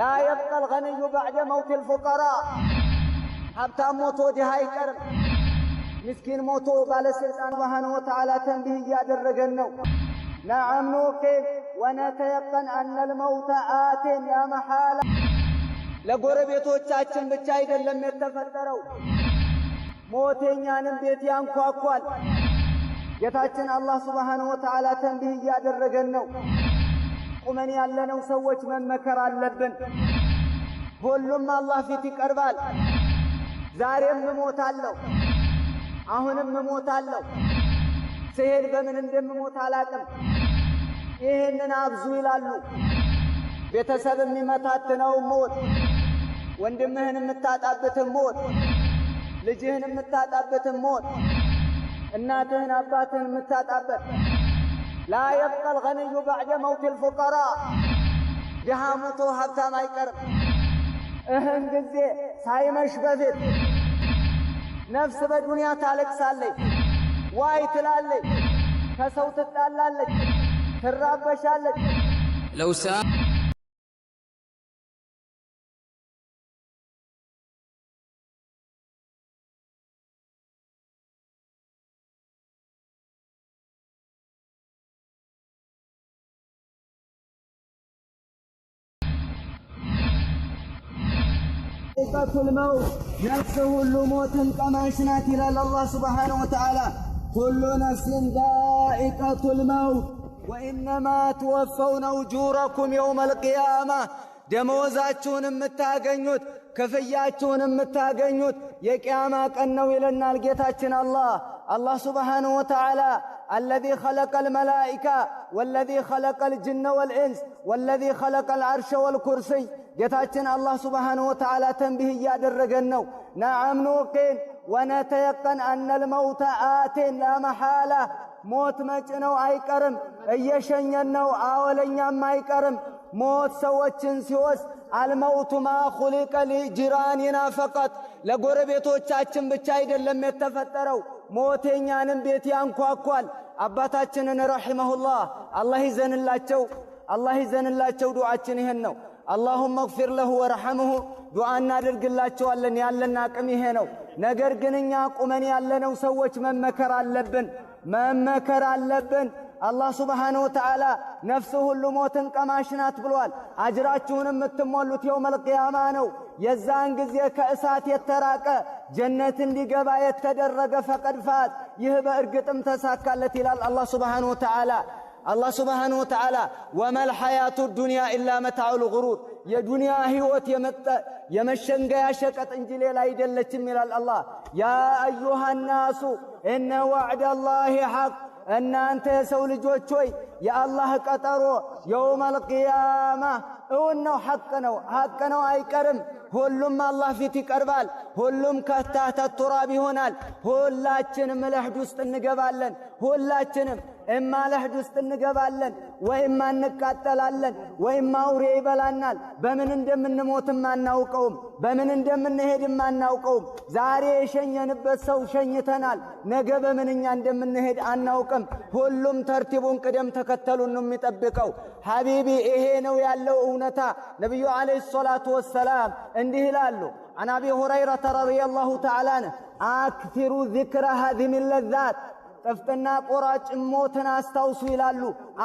لا يبقى الغني بعد موت الفقراء حتى موتو دي كرم مسكين موتو بالا سلطان وهن وتعالى تنبيه يا الرجل نعم نوكي ونتيقن ان الموت ات يا محاله لقربيتو تشاچن بچا ايدلم يتفطرو موتينيانم بيتيان يانكواكوال يتاچن الله سبحانه وتعالى تنبيه يا درجنو ቁመን ያለነው ሰዎች መመከር አለብን። ሁሉም አላህ ፊት ይቀርባል። ዛሬም እሞታለሁ፣ አሁንም እሞታለሁ፣ ስሄድ በምን እንደምሞት አላቅም። ይህንን አብዙ ይላሉ። ቤተሰብ የሚመታትነው ሞት፣ ወንድምህን የምታጣበትን ሞት፣ ልጅህን የምታጣበትን ሞት፣ እናትህን አባትህን የምታጣበት لا يبقى الغني بعد موت الفقراء جها حتى ما يقرب اهم قزي سايمش بذل نفس بدنيا تالك سالي واي تلالي كسوت تلالي ترابش لو سام حقيقة الموت نفسه كل موت كما شنات إلى الله سبحانه وتعالى كل نفس ذائقة الموت وإنما توفون أجوركم يوم القيامة دموزاتون متاقنيوت كفياتون متاقنيوت يا أماك أنه إلى النار الله الله سبحانه وتعالى الذي خلق الملائكة والذي خلق الجن والإنس والذي خلق العرش والكرسي جتاجنا الله سبحانه وتعالى تنبيه يا درقنو نعم نوقين ونتيقن أن الموت آت لا محالة موت مجنو أي كرم أي أو أولي ما أي كرم موت سوتشن سوس الموت ما خلق لجيراننا فقط لقربتو تشاجن بتشايد لم يتفتروا ሞተኛንም ቤት ያንኳኳል። አባታችንን ረሒመሁላህ አላህ ይዘንላቸው፣ አላህ ይዘንላቸው። ዱዓችን ይሄን ነው። አላሁመ እግፊር ለሁ ወረሐምሁ ዱዓ እናደርግላቸዋለን። ያለን አቅም ይሄ ነው። ነገር ግን እኛ ቁመን ያለነው ሰዎች መመከር አለብን፣ መመከር አለብን። አላህ ሱብሓነሁ ወተዓላ ነፍስ ሁሉ ሞትን ቀማሽናት ብሏል። አጅራችሁን የምትሞሉት የውመል ቂያማ ነው። يزان قزية كأسات يتراك جنة اللي لقبا يتدرق فقد فات يهب ارقط امتساك التي لال الله سبحانه وتعالى الله سبحانه وتعالى وما الحياة الدنيا إلا متاع الغرور يا دنيا هيوت يمت يمشنق يا شكت انجلي لا يدل تميل الله يا أيها الناس إن وعد الله حق أن أنت يا سول يا الله كترو يوم القيامة እውን ነው፣ ሐቅ ነው፣ ሐቅ ነው፣ አይቀርም። ሁሉም አላህ ፊት ይቀርባል። ሁሉም ከታህተ ቱራብ ይሆናል። ሁላችንም ለሕድ ውስጥ እንገባለን። ሁላችንም እማ ውስጥ እንገባለን ወይም አንቃጠላለን ወይም አውሬ ይበላናል። በምን እንደምንሞትም አናውቀውም። በምን እንደምንሄድም አናውቀውም። ዛሬ የሸኘንበት ሰው ሸኝተናል። ነገ በምንኛ እንደምንሄድ አናውቅም። ሁሉም ተርቲቡን ቅደም ተከተሉን ነው የሚጠብቀው። ሐቢቢ ይሄ ነው ያለው እውነታ። ነቢዩ ዓለይሂ ሰላቱ ወሰላም እንዲህ ይላሉ አን አቢ ሁረይረተ ረዲየላሁ ተዓላ አንሁ አክሲሩ ዚክረ ሃዚሂ ለዛት ጥፍጥና ቆራጭ ሞትን አስታውሱ ይላሉ፣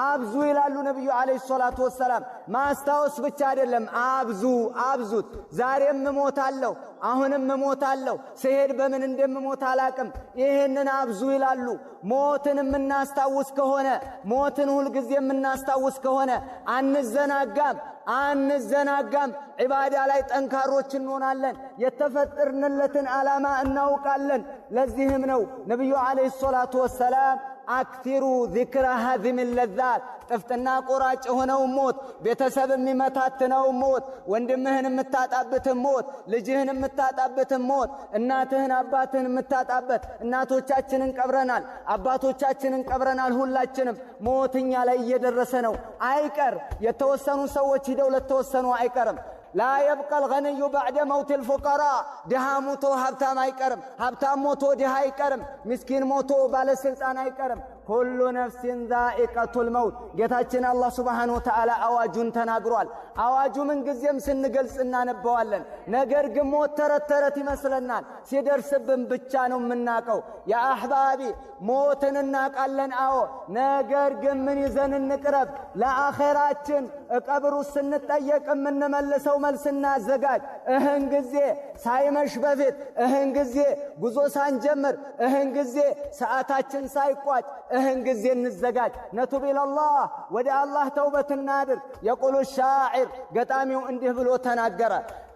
አብዙ ይላሉ ነቢዩ ዓለይሂ ሰላቱ ወሰላም። ማስታወስ ብቻ አይደለም፣ አብዙ አብዙት። ዛሬም እሞታለሁ፣ አሁንም እሞታለሁ፣ ስሄድ በምን እንደምሞት አላቅም። ይህንን አብዙ ይላሉ። ሞትን የምናስታውስ ከሆነ ሞትን ሁልጊዜ የምናስታውስ ከሆነ አንዘናጋም። አንዘናጋም። ዒባዳ ላይ ጠንካሮች እንሆናለን። የተፈጠርንለትን ዓላማ እናውቃለን። ለዚህም ነው ነቢዩ ዓለይሂ ሰላቱ ወሰላም አክቲሩ ዚክረ ሃዚም ለዛት ጥፍጥና ቆራጭ የሆነው ሞት፣ ቤተሰብ የሚመታትነው ሞት፣ ወንድምህን የምታጣበትን ሞት፣ ልጅህን የምታጣበትን ሞት፣ እናትህን አባትህን የምታጣበት። እናቶቻችንን ቀብረናል፣ አባቶቻችንን ቀብረናል። ሁላችንም ሞትኛ ላይ እየደረሰ ነው። አይቀር የተወሰኑ ሰዎች ሂደው ለተወሰኑ አይቀርም። ላ የብቀል ገንዩ ባዕደ መውቲል ፉቀራ ድሃ ሞቶ ሀብታም አይቀርም፣ ሀብታም ሞቶ ድሃ አይቀርም፣ ምስኪን ሞቶ ባለስልጣን አይቀርም። ኩሉ ነፍሲን ዛኢቀቱል መውት። ጌታችን አላህ ሱብሓነሁ ወተዓላ አዋጁን ተናግሯል። አዋጁ ምንጊዜም ስንገልጽ እናነበዋለን። ነገር ግን ሞት ተረት ተረት ይመስለናል፣ ሲደርስብን ብቻ ነው የምናቀው። የአሕባቢ ሞትን እናቃለን። አዎ ነገር ግን ምን ይዘን እንቅረብ ለአኼራችን ቀብሩ ስንጠየቅ የምንመልሰው መልስ እናዘጋጅ። እህን ጊዜ ሳይመሽ በፊት፣ እህን ጊዜ ጉዞ ሳንጀምር፣ እህን ጊዜ ሰዓታችን ሳይቋጭ፣ እህን ጊዜ እንዘጋጅ። ነቱብ ኢለላህ ወደ አላህ ተውበት እናድር። የቁሉ ሻዒር ገጣሚው እንዲህ ብሎ ተናገረ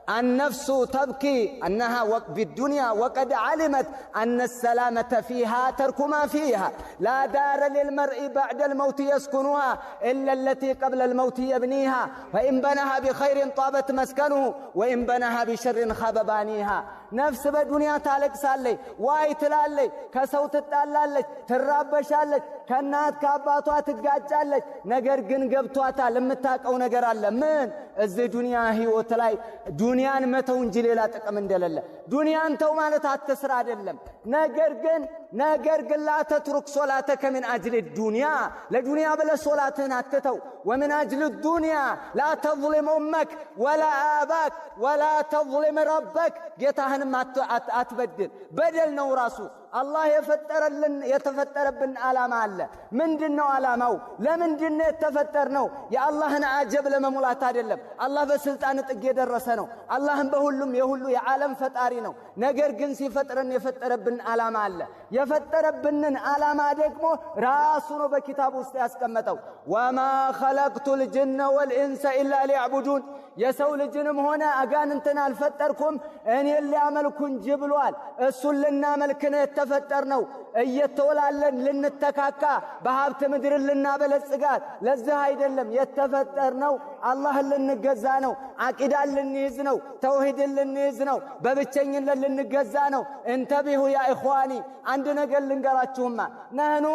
النفس تبكي أنها في الدنيا وقد علمت أن السلامة فيها ترك ما فيها لا دار للمرء بعد الموت يسكنها إلا التي قبل الموت يبنيها فإن بنها بخير طابت مسكنه وإن بنها بشر خاب بانيها ነፍስ በዱንያ ታለቅሳለች፣ ዋይ ትላለች፣ ከሰው ትጣላለች፣ ትራበሻለች፣ ከእናት ከአባቷ ትጋጫለች። ነገር ግን ገብቷታል፣ የምታቀው ነገር አለ። ምን እዚህ ዱንያ ህይወት ላይ ዱንያን መተው እንጂ ሌላ ጥቅም እንደሌለ። ዱንያን ተው ማለት አትስራ አይደለም፣ ነገር ግን ነገር ግን ላ ተትሩክ ሶላተከ ምን አጅል ዱንያ ለዱንያ ብለ ሶላትህን አትተው። ወምን አጅል ዱንያ ላ ተዝሊም ኡመክ ወላ አባክ ወላ ተዝሊም ረበክ ጌታህንም አትበድል። በደል ነው ራሱ አላህ የፈጠረልን የተፈጠረብን ዓላማ አለ። ምንድን ነው ዓላማው? ለምንድን ነው የተፈጠርነው? የአላህን አጀብ ለመሙላት አይደለም። አላህ በስልጣን ጥግ የደረሰ ነው። አላህም በሁሉም የሁሉ የዓለም ፈጣሪ ነው። ነገር ግን ሲፈጥረን የፈጠረብን ዓላማ አለ። የፈጠረብንን ዓላማ ደግሞ ራሱ ነው በኪታብ ውስጥ ያስቀመጠው ወማ ኸለቅቱ ልጅነ ወልኢንሰ ኢላ ሊያዕቡዱን የሰው ልጅንም ሆነ አጋንንትን አልፈጠርኩም እኔን ሊያመልኩ እንጂ ብሏል። እሱን ልናመልክ ነው የተፈጠርነው። እየተወላለን ልንተካካ፣ በሀብት ምድርን ልናበለጽጋት ለዚህ አይደለም የተፈጠርነው። አላህን ልንገዛ ነው። አቂዳን ልንይዝ ነው። ተውሂድን ልንይዝ ነው። በብቸኝነት ልንገዛ ነው። እንተቢሁ ያ ኢኽዋኒ፣ አንድ ነገር ልንገራችሁማ ነህኑ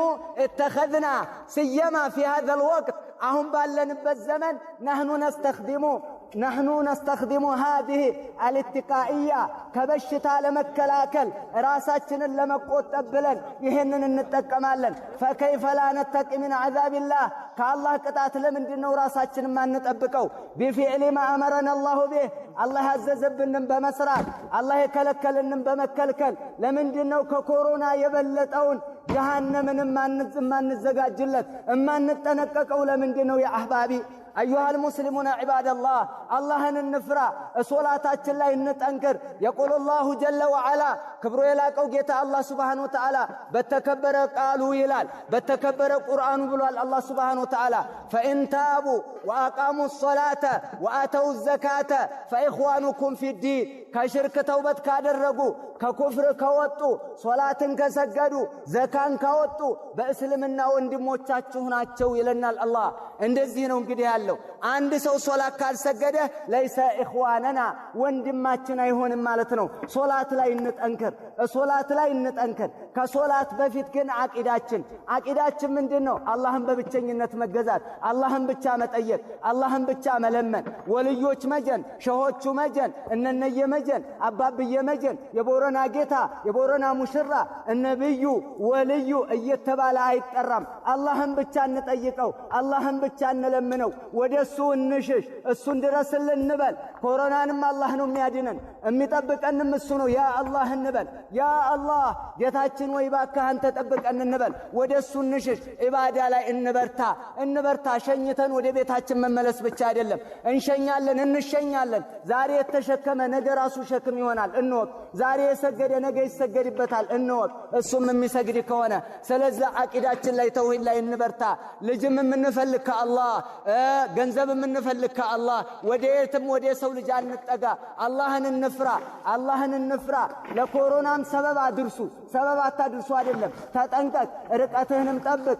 እተኸዝና ስየማ ፊ ሀዘ ልወቅት አሁን ባለንበት ዘመን ነህኑ ነስተኽዲሙ نحن نستخدم هذه الاتقائية كبشتا لمكلاكل راساتنا لما قوت أبلن يهنن النتقم فكيف لا نتقي من عذاب الله كالله قتاتل من دين وراساتنا ما نتقبكو بفعل ما أمرنا الله به الله عززب النم بمسرات الله يكلكل النم بمكلكل لمن دين وككورونا يبلتون جهنم من ما نزقاجلت ما نتنقق لمن دين يا أحبابي أيها المسلمون عباد الله الله ننفرى صلاتات الله ننتنكر يقول الله جل وعلا كبروا إلاك وقيت الله سبحانه وتعالى بتكبر قالوا يلال بتكبر قرآن بلوال الله سبحانه وتعالى فإن تابوا وأقاموا الصلاة وآتوا الزكاة فإخوانكم في الدين كشرك توبت كادرقوا ككفر كوتوا صلاة كسجدوا زكاة كوتوا بإسلمنا واندموا تشاتشونا تشوي لنا الله እንደዚህ ነው እንግዲህ ያለው። አንድ ሰው ሶላት ካልሰገደ ለይሰ ኢኽዋነና ወንድማችን አይሆንም ማለት ነው። ሶላት ላይ እንጠንክር፣ ሶላት ላይ እንጠንክር። ከሶላት በፊት ግን አቂዳችን አቂዳችን ምንድን ነው? አላህን በብቸኝነት መገዛት፣ አላህን ብቻ መጠየቅ፣ አላህን ብቻ መለመን። ወልዮች መጀን፣ ሸሆቹ መጀን፣ እነነየ መጀን፣ አባብየ መጀን፣ የቦረና ጌታ፣ የቦረና ሙሽራ፣ እነብዩ ወልዩ እየተባለ አይጠራም። አላህን ብቻ እንጠይቀው አላህን ብቻ እንለምነው፣ ወደ እሱ እንሽሽ፣ እሱ እንድረስልን እንበል። ኮሮናንም አላህ ነው የሚያድነን፣ የሚጠብቀንም እሱ ነው። ያ አላህ እንበል። ያ አላህ ጌታችን ወይ ባካህ አንተ ጠብቀን እንበል። ወደ እሱ እንሽሽ፣ ኢባዳ ላይ እንበርታ፣ እንበርታ። ሸኝተን ወደ ቤታችን መመለስ ብቻ አይደለም፣ እንሸኛለን፣ እንሸኛለን። ዛሬ የተሸከመ ነገ ራሱ ሸክም ይሆናል፣ እንወቅ። ዛሬ የሰገደ ነገ ይሰገድበታል፣ እንወቅ። እሱም የሚሰግድ ከሆነ ስለዚህ አቂዳችን ላይ ተውሂድ ላይ እንበርታ። ልጅም የምንፈልግ ከአላህ ገንዘብ የምንፈልግ ከአላህ ወደ የትም ወደ ሰው የሰው ልጅ አንጠጋ፣ አላህን እንፍራ፣ አላህን እንፍራ። ለኮሮናም ሰበብ አድርሱ፣ ሰበብ አታድርሱ አይደለም። ተጠንቀቅ፣ ርቀትህንም ጠብቅ፣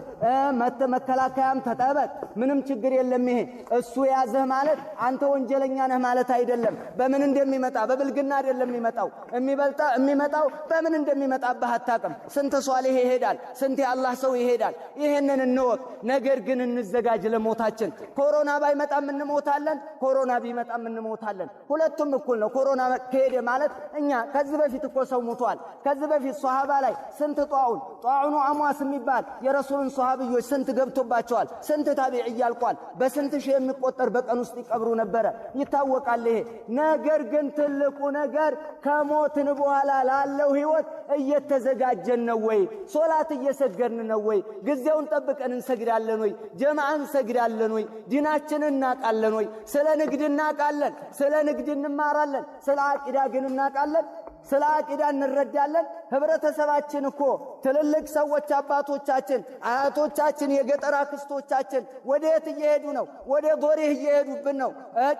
መከላከያም ተጠበቅ። ምንም ችግር የለም። ይሄ እሱ የያዘህ ማለት አንተ ወንጀለኛ ነህ ማለት አይደለም። በምን እንደሚመጣ በብልግና አይደለም የሚመጣው የሚበልጣ የሚመጣው በምን እንደሚመጣብህ አታቅም። ስንት ሷሊህ ይሄዳል፣ ስንት የአላህ ሰው ይሄዳል። ይሄንን እንወቅ። ነገር ግን እንዘጋጅ ለሞታችን። ኮሮና ባይመጣም እንሞታለን፣ ኮሮና ቢመጣም እንሞታለን። እንሞታለን። ሁለቱም እኩል ነው። ኮሮና ከሄደ ማለት እኛ ከዚህ በፊት እኮ ሰው ሙቷል። ከዚህ በፊት ሶሃባ ላይ ስንት ጧዑን ጧዑኑ አሟስ የሚባል የረሱሉን ሶሃብዮች ስንት ገብቶባቸዋል። ስንት ታቢዕ እያልቋል። በስንት ሺህ የሚቆጠር በቀን ውስጥ ይቀብሩ ነበረ። ይታወቃል ይሄ ነገር። ግን ትልቁ ነገር ከሞትን በኋላ ላለው ህይወት እየተዘጋጀን ነው ወይ? ሶላት እየሰገድን ነው ወይ? ጊዜውን ጠብቀን እንሰግዳለን ወይ? ጀማዓ እንሰግዳለን ወይ? ዲናችን እናቃለን ወይ? ስለ ንግድ እናቃለን። ስለ ንግድ እንማራለን፣ ስለ አቂዳ ግን እናቃለን። ስለ አቂዳ እንረዳለን። ህብረተሰባችን እኮ ትልልቅ ሰዎች አባቶቻችን፣ አያቶቻችን፣ የገጠር አክስቶቻችን ወደ የት እየሄዱ ነው? ወደ ጎሬህ እየሄዱብን ነው።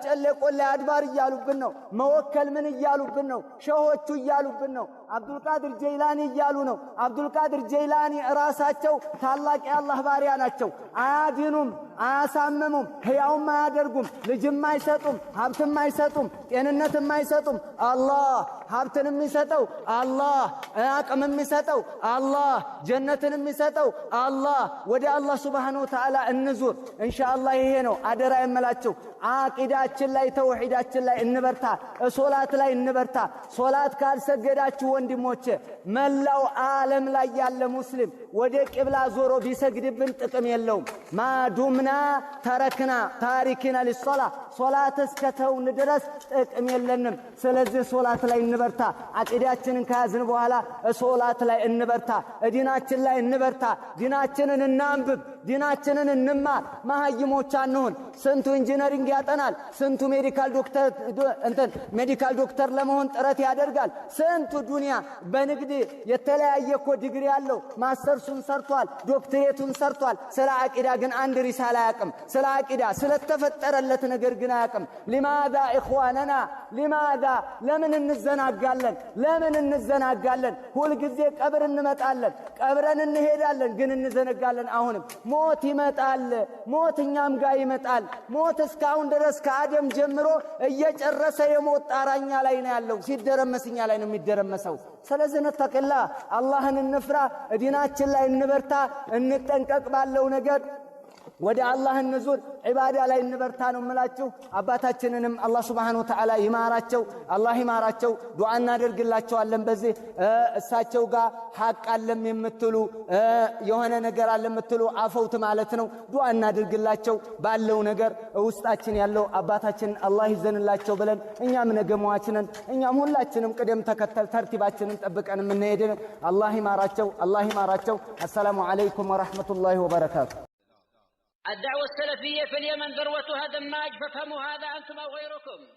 ጨሌ ቆላ አድባር እያሉብን ነው። መወከል ምን እያሉብን ነው? ሸሆቹ እያሉብን ነው። አብዱልቃድር ጀይላኒ እያሉ ነው። አብዱልቃድር ጀይላኒ ራሳቸው ታላቅ የአላህ ባሪያ ናቸው። አያድኑም፣ አያሳምሙም፣ ሕያውም አያደርጉም፣ ልጅም አይሰጡም፣ ሀብትም አይሰጡም፣ ጤንነትም አይሰጡም። አላህ ሀብትን የሚሰጠው አላህ፣ አቅም የሚሰጠው አላህ፣ ጀነትን የሚሰጠው አላህ። ወደ አላህ ሱብሓነሁ ወተዓላ እንዙር እንሻአላህ። ይሄ ነው አደራ የምላቸው አቂዳችን ላይ ተውሒዳችን ላይ እንበርታ፣ ሶላት ላይ እንበርታ። ሶላት ካልሰገዳችሁ ወንድሞቼ፣ መላው ዓለም ላይ ያለ ሙስሊም ወደ ቅብላ ዞሮ ቢሰግድብን ጥቅም የለውም። ማዱምና ተረክና ታሪክና ሊሶላ ሶላት እስከተውን ድረስ ጥቅም የለንም። ስለዚህ ሶላት ላይ እንበርታ። አቂዳችንን ከያዝን በኋላ ሶላት ላይ እንበርታ። ዲናችን ላይ እንበርታ። ዲናችንን እናንብብ። ዲናችንን እንማር። መሀይሞች አንሁን። ስንቱ ኢንጂነሪንግ ያጠናል፣ ስንቱ ሜዲካል ዶክተር እንትን ሜዲካል ዶክተር ለመሆን ጥረት ያደርጋል። ስንቱ ዱንያ በንግድ የተለያየ እኮ ዲግሪ ያለው ማስተር ደርሱን ሰርቷል፣ ዶክትሬቱን ሰርቷል። ስለ አቂዳ ግን አንድ ሪሳላ አያቅም። ስለ አቂዳ ስለተፈጠረለት ነገር ግን አያቅም። ሊማዛ ኢኽዋነና ሊማዛ ለምን እንዘናጋለን? ለምን እንዘናጋለን? ሁልጊዜ ቀብር እንመጣለን፣ ቀብረን እንሄዳለን፣ ግን እንዘነጋለን። አሁንም ሞት ይመጣል፣ ሞት እኛም ጋር ይመጣል። ሞት እስካሁን ድረስ ከአደም ጀምሮ እየጨረሰ የሞት ጣራኛ ላይ ነው ያለው። ሲደረመስኛ ላይ ነው የሚደረመሰው። ስለዚህ ነተቅላ አላህን እንፍራ። ዲናችን ላይ እንበርታ፣ እንጠንቀቅ ባለው ነገር ወደ አላህ እንዙር፣ ዒባዳ ላይ እንበርታ ነው የምላችሁ። አባታችንንም አላህ ሱብሓነሁ ወተዓላ ይማራቸው፣ አላህ ይማራቸው። ዱዓ እናደርግላቸዋለን። በዚህ እሳቸው ጋር ሐቅ አለም የምትሉ የሆነ ነገር አለ የምትሉ አፈውት ማለት ነው። ዱዓ እናደርግላቸው ባለው ነገር ውስጣችን ያለው አባታችንን አላህ ይዘንላቸው ብለን እኛም ነገመዋችንን እኛም ሁላችንም ቅደም ተከተል ተርቲባችንን ጠብቀን የምንሄድን አላህ ይማራቸው፣ አላህ ይማራቸው። አሰላሙ ዓለይኩም ወረሕመቱላሂ ወበረካቱ። الدعوة السلفية في اليمن ذروتها دماج فافهموا هذا أنتم أو غيركم